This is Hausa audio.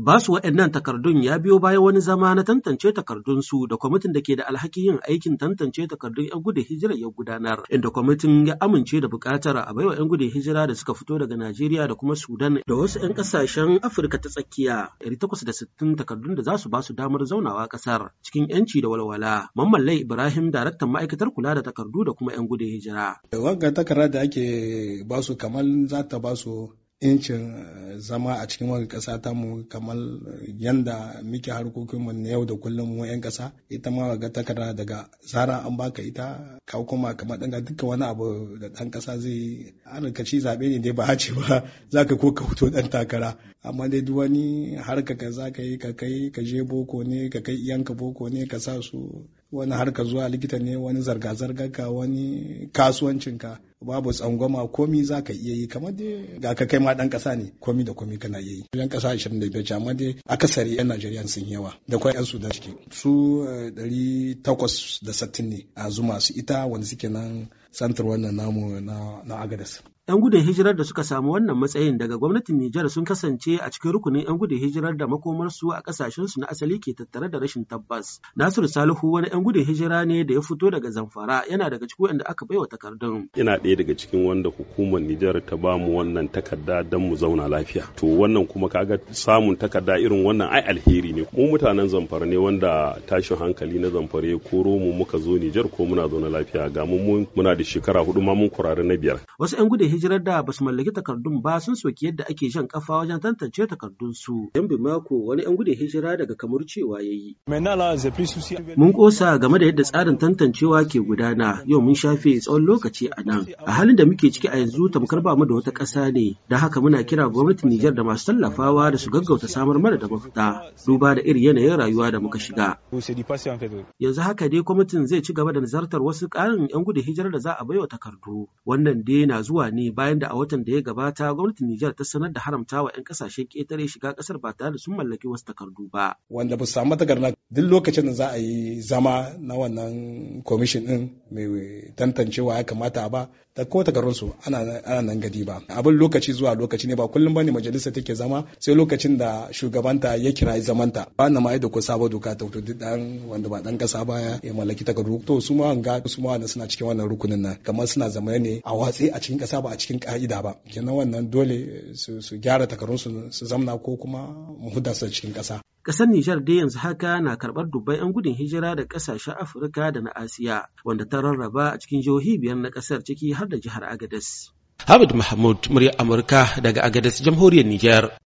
Ba su waɗannan takardun ya biyo bayan wani zama na tantance takardunsu da kwamitin da ke da alhakin yin aikin tantance takardun 'yan gudun hijira ya gudanar, inda kwamitin ya amince da buƙatar a baiwa 'yan gudun hijira da suka fito daga Najeriya da kuma Sudan da wasu 'yan ƙasashen Afirka ta tsakiya 860 takardun da za su ba su damar zaunawa ƙasar cikin 'yanci da walwala. Mamman Ibrahim daraktan ma'aikatar kula da takardu da kuma 'yan gudun hijira. wanga takarda da ake ba su kamar za ta ba su incin eh, zama a cikin wani ƙasa ta mu kamar yadda muke harkokin mu na yau da kullum mu 'yan ƙasa ita ma ga takarda daga zara an baka ita ka kuma kamar ɗan duka wani abu da ɗan ƙasa zai harkaci zaɓe ne dai ba a ce ba za ka ko ka fito ɗan takara amma dai duk wani harka ka za ka yi ka kai ka je boko ne ka kai iyanka boko ne ka sa su wani harka zuwa likita ne wani zarga-zargarka wani kasuwancinka babu tsangwama komi za ka iya yi kamar dai ga ka kai ma dan kasa ne komi da komi kana iya yi yan kasa 25 amma dai akasari yan Najeriya sun yawa da kwa yan Sudan ciki su 860 eh, ne a zuma su ita wanda suke nan santar wannan namu na Agadas 'Yan gudun hijirar da suka samu wannan matsayin daga gwamnatin Nijar sun kasance a cikin rukunin 'yan gudun hijirar da makomarsu a kasashen su na asali ke tattare da rashin tabbas. Nasiru Salihu wani 'yan gudun hijira ne da ya fito daga Zamfara yana daga cikin wanda aka baiwa takardun. Ina ɗaya daga cikin wanda hukumar Nijar ta ba mu wannan takarda don mu zauna lafiya. To wannan kuma kaga samun takarda irin wannan ai alheri ne. Mu mutanen Zamfara ne wanda tashin hankali na Zamfara ya koro mu muka zo Nijar ko muna zauna lafiya ga mu muna da shekara hudu ma mun kurare na biyar. Wasu 'yan gudun hijirar da basu mallaki takardun ba sun soki yadda ake jan kafa wajen tantance takardun su. Yan Bimako wani yan gudun hijira daga Kamar cewa ya yi. Mun kosa game da yadda tsarin tantancewa ke gudana yau mun shafe tsawon lokaci a nan. A halin da muke ciki a yanzu tamkar ba mu da wata ƙasa ne. Da haka muna kira gwamnatin Nijar da masu tallafawa da su gaggauta samar mana da mafita duba da irin yanayin rayuwa da muka shiga. Yanzu haka dai kwamitin zai ci gaba da nazartar wasu ƙarin yan gudun hijira da za a baiwa takardu. Wannan dai na zuwa ne bayan da a watan da ya gabata gwamnatin Nijar ta sanar da haramta wa 'yan kasashen ƙetare shiga kasar ba tare da sun mallaki wasu takardu ba. Wanda ba su samu takarda duk lokacin da za a yi zama na wannan kwamishin din mai tantancewa ya kamata ba da ko takardunsu ana nan gadi ba. Abin lokaci zuwa lokaci ne ba kullum ba ne majalisa take zama sai lokacin da shugabanta ya kira zamanta. Ba na ma'ai da ko sabo doka ta wuto ɗan wanda ba ɗan ƙasa ba ya mallaki takardu. To su ma an ga su ma suna cikin wannan rukunin nan kamar suna zama ne a watsi a cikin ƙasa ba a cikin ka'ida ba kenan wannan dole su gyara takarunsu su zamna ko kuma mu su cikin ƙasa. Ƙasar Nijar dai yanzu haka na karɓar dubbai 'yan gudun hijira da ƙasashen Afirka da na Asiya wanda ta rarraba a cikin jihohi biyar na ƙasar ciki har da jihar Agadez. Hamid Mahmud, muryar Amurka daga Agadez, jamhuriyar Nijar.